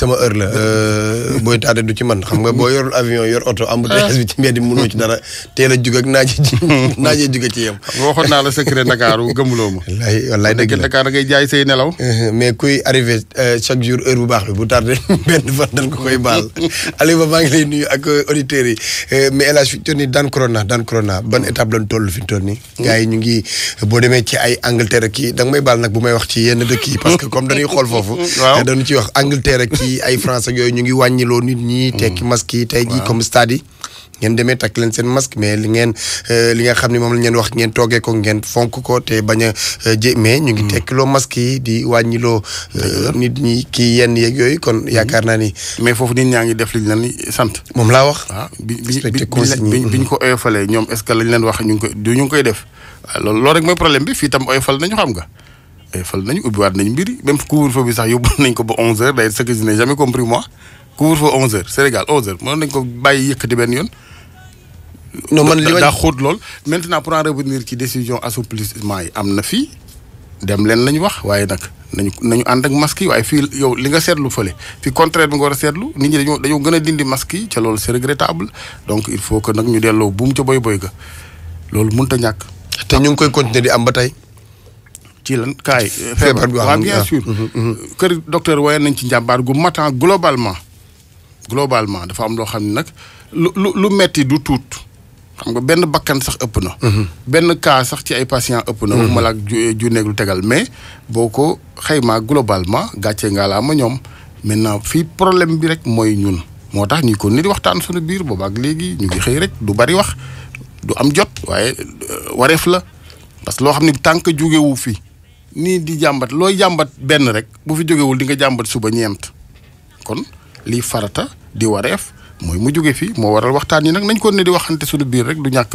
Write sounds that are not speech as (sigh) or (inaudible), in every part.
sama heure la euh, booy tardé du ci man xam nga boo yorul avion yor oto embouteillage bi ci mbedd mënoo ci dara teel a jug ak naaj ji (laughs) naaj jug ci yem. waxoon naa la secret Dakar gëmuloo ma. wallaay wallaay dëgg la Dakar da ngay jaay say nelaw. Uh-huh, mais kuy arrivé euh, chaque jour heure bu baax bi bu tardé (laughs) benn fan dañ ko koy baal (laughs) maa ngi lay nuyu ak euh, auditeurs yi mais El Hadj fi ñu toll nii daan corona ban étape lañ toll fi ñu toll nii. Hmm? gars ñu ngi boo demee ci ay Angleterre kii da nga baal nag bu may wax ci yenn dëkk yi parce que dañuy xool foofu. waaw dañu ci Angleterre kii yi ay France ak yooyu ñu ngi wàññiloo nit ñi. tekki masque yi tey jii comme stade yi. ngeen demee takk leen seen masque mais li ngeen euh, li nga xam ne moom la wax ngeen toogee ko ngeen fonk ko te bañ euh, mais ñu ngi hmm. tekkiloo masque yi di wàññiloo euh, nit ñi kii yenn yeeg yooyu kon hmm. yaakaar naa ni. mais foofu nit ñaa ngi def liñ leen sant. moom laa wax. Ah, bi ko oyofalee ñoom est ce que lañ leen wax ñu ngi koy koy def loolu rek mooy problème bi fii tam oyofal nañu xam nga. Eh, fal nañu ubbiwaat nañ mbiri yi même couvre-feu bi sax yóbbu nañ ko ba 11h day ce que je n'ai jamais compris moi couvre-feu 11h Sénégal 11h mënoon nañ ko bàyyi yëkkati benn yoon. non man li daa xóot lool. maintenant pour en revenir ci décision assouplissement yi am na fii dem leen lañ wax waaye nag nañu nañu ànd ak masque yi waaye fii yow li nga seetlu fële fi contraire bi nga war a seetlu nit ñi dañoo dañoo gën a dindi masque yi ca loolu c'est regrettable donc il faut que nag ñu delloo buum ca boy boy ga loolu mënut a ñàkk. te ñu ngi koy continuer di am ba tey. ci lan kaay. feebar bi waaw bien ah. sûr. Mm-hmm, mm-hmm. kër docteur waye nañ ci njàmbaar gu matan ah, globalement. globalement dafa am loo xam ne lu lu lu metti du tuut xam nga benn bakkan sax ëpp na. Mm-hmm. benn cas sax ci ay patients ëpp na. waxuma la ju eh, nekk tegal mais boko ko globalement gàccee ngaa laa ma ñoom maintenant fii problème bi rek mooy ñun. moo tax ñu ko nit waxtaan suñu biir booba ak léegi ñu ngi xëy rek du bari wax du am jot waaye euh, wareef la parce que loo xam ne tànk fi nii di jàmbat looy jàmbat benn rek bu fi jógewul di nga jàmbat suba ñeent kon lii farata di wareef mooy mu jóge fi moo waral waxtaan yi nag nañ ko ne di waxante suñu biir rek du ñàkk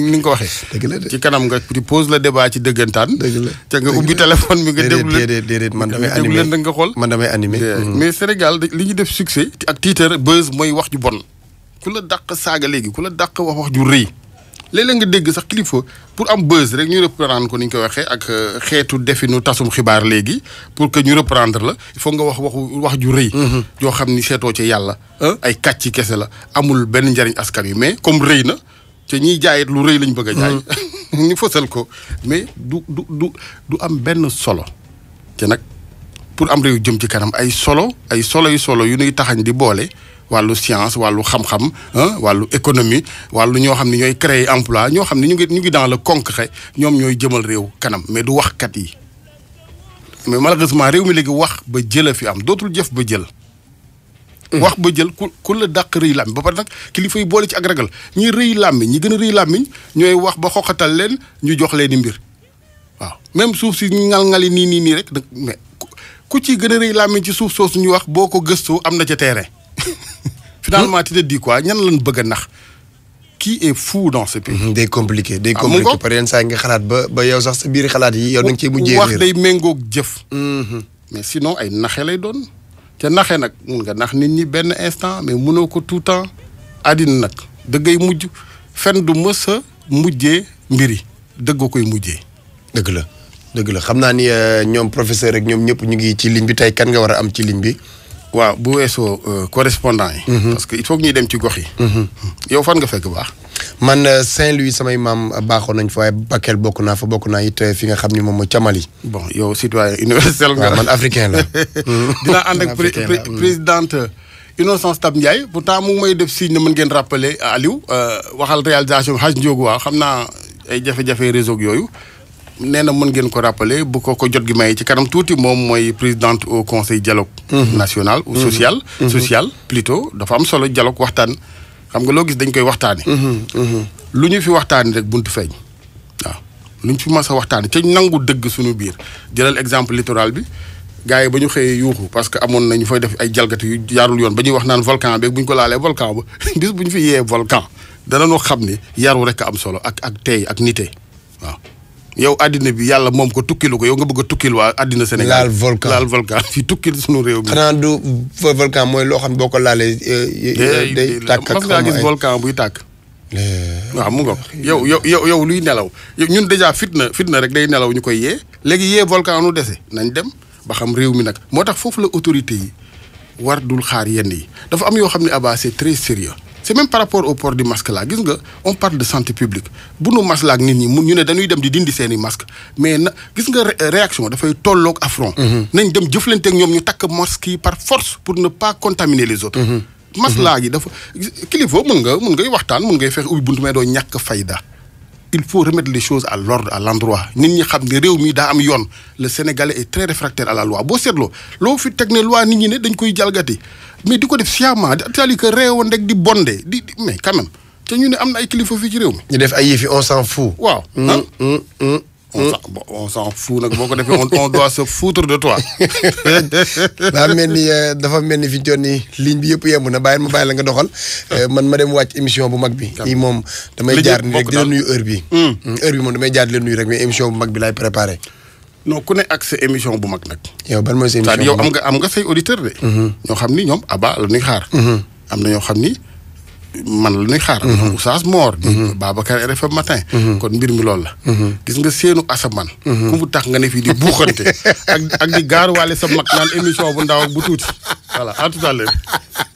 ni nga ko waxee. dëgg ci kanam nga di pose le débat ci dëggantaan. dëgg te nga ubbi téléphone bi nga. déglu déedéet déedéet man damay animé déglu leen nga xool. man damay animé. Mm-hmm. mais Sénégal li ñu def succès. ak titre buzz mooy wax ju bon. ku la dàq saaga léegi ku la dàq wax wax ju rëy. léeg nga dégg sax kilifa pour am buzz rek ñu reprendre ko ni ñu koy waxee ak euh, xeetu definu tasum xibaar léegi pour que ñu reprendre la foog nga wax waxu wax ju rëy. yoo mm-hmm. xam ni seetoo ci yàlla. ay kàcc kese la amul benn njariñ askan wi mais comme rëy na. te ñiy jaayit lu rëy lañ bëgg a jaay. Mm. (laughs) ñu fësal ko mais du du du du am benn solo. te nag pour am réew jëm ci kanam ay solo ay solo yu solo yu nuy taxañ di boole wàllu science wàllu xam-xam wàllu économie wàllu ñoo xam ne ñooy créer emploi ñoo xam ne ñu ngi ñu ngi dans le concret ñoom ñooy jëmal réew kanam mais du waxkat yi mais mala malheureusement réew mi léegi wax ba jël a fi am dootul jëf ba jël. Mm-hmm. wax ba jël ku ku la dàq rëy làmmiñ ba pare nag kilifa yi boole ci ak ragal ñi rëy làmmiñ ñi gën a rëy làmmiñ ñooy wax ba xoqatal leen ñu jox leen i mbir waaw même suuf si ngal nii nii nii rek ku ci gën a rëy làmmiñ ci suuf soosu ñu wax boo ko gëstoo am na ca terrain (laughs) finalement tu te dis quoi ñan lañ bëgg a nax qui est fou dans ce day mm-hmm. compliqué day ah, compliqué par yenn saa yi xalaat ba ba yow sax biir xalaat yi yow da nga cee mujjee wax day méngoog jëf mm-hmm. mais sinon ay naxee lay doon te naxe nag mun nga nax nit ñi benn instant mais mënoo ko tout addina àddina nag dëggay mujj fen du mës a mujjee mbir yi dëgg koy mujjee. dëgg la dëgg la xam naa ni euh, ñoom professeur rek ñoom ñëpp ñu ngi ci ligne bi tey kan nga war a am ci ligne bi. waaw bu weesoo euh, correspondant yi. Mhm. parce que il faut que ñuy dem ci gox yi. Mhm. yow fan nga fekk baax. man euh, Saint-Louis samay imam euh, baaxoon nañ Bakel bokuna fa euh, fi nga bon citoyen universel man africain la. (laughs) dina ak mm. présidente Innocence Tab Ndiaye pourtant mu may def signe ngeen rappeler Aliou waxal réalisation haj ay réseau au mhm. national ou mhm. social. Mhm. social plutôt dafa am solo dialogue xam nga loo gis dañ koy waxtaanee. Mhm, mhm. lu ñu fi waxtaanee rek buntu feeñ waaw lu ñu fi mas a waxtaanee ca nangu dëgg suñu biir jëlal exemple littoral bi gaa yi ba ñu xëyee yuuxu parce que amoon nañu ñu def ay jalgati yu jaarul yoon ba ñuy wax naan volcan beeg bu ñu ko laalee volcan ba (laughs) bis bu ñu fi yee volcan danañoo xam ne yaru rek am solo ak ak tey ak nite waaw. yow àddina bi yàlla moom ko tukkilu ko yow nga bëgg a tukkil waa àddina Sénégal laal volcan laal volcan (laughs) fii tukkil sunu réew mi. xanaa du mooy loo xam boo ko laalee. Eh, eh, eh, day tàkk ak tàkk. waaw mu ngoog yow yow yow yow luy nelaw ñun dèjà fitna fitna rek day nelaw ñu koy yee. léegi yee volcan nu dese nañ dem ba xam réew mi nag moo tax foofu la autorité yi war dul xaar yenn yi dafa am yoo xam ne Abba c'est très c'est même par rapport au port du masque là gis nga on parle de santé publique bu nu masque la nit ñi ñu ne dañuy dem di dindi seen masque mais na gis nga réaction fay tolloog affront mhm. nañ dem jëflante ak ñoom ñu tak masque par force pour ne pas contaminer les autres mhm. masque mhm. laa gi dafa kilifa mun nga mun ngay waxtaan mun ngay fexe ubbi buntu mais do ñak fayda il faut remettre les choses à l'ordre à l'endroit nit ñi xam ne réew mi daa am yoon le sénégalais est très réfractaire à la loi boo seetloo loo fi teg ne loi nit ñi ne dañ koy jalgati mais di ko def sciemment c'est-à-dire que réewoon rek di bonde di mais quand même te ñu ne am na ay kilifa fii ci réew mi. ñu def ay yëfi on s'en fout. waaw. Mm, ah. mm, mm. on s'en fout nag boo ko defee on doit se foutre de toi. (laughs) daa mel ni euh, dafa mel ni fi ñu nii ligne bi yëpp yemb na bàyyi ma bàyyi la nga doxal ah. euh, man ma dem wàcc émission bu mag bi. nii moom damay jaar nii rek di bi hmm. Hmm, heure bi moom damay jaar di la rek mais émission bu mag bi laay préparé. ku ne ak sa émission bu mag nag. yow ban mooy sa émission yow am nga am nga say auditeur de. Hmm. ñoo xam ni ñoom Abba la ñuy xaar. am na ñoo xam ni. man la ñuy xaaral. Mhm. Oustaz Mor. Mhm. Babacar RFM matin. Mhm. kon mbir mi loolu la. gis nga seenu asamaan. ku tax nga ne fii di buuxante (laughs) ak ak di gaaruwaale sa mag naan émission bu ndaw bu tuuti voilà à tout à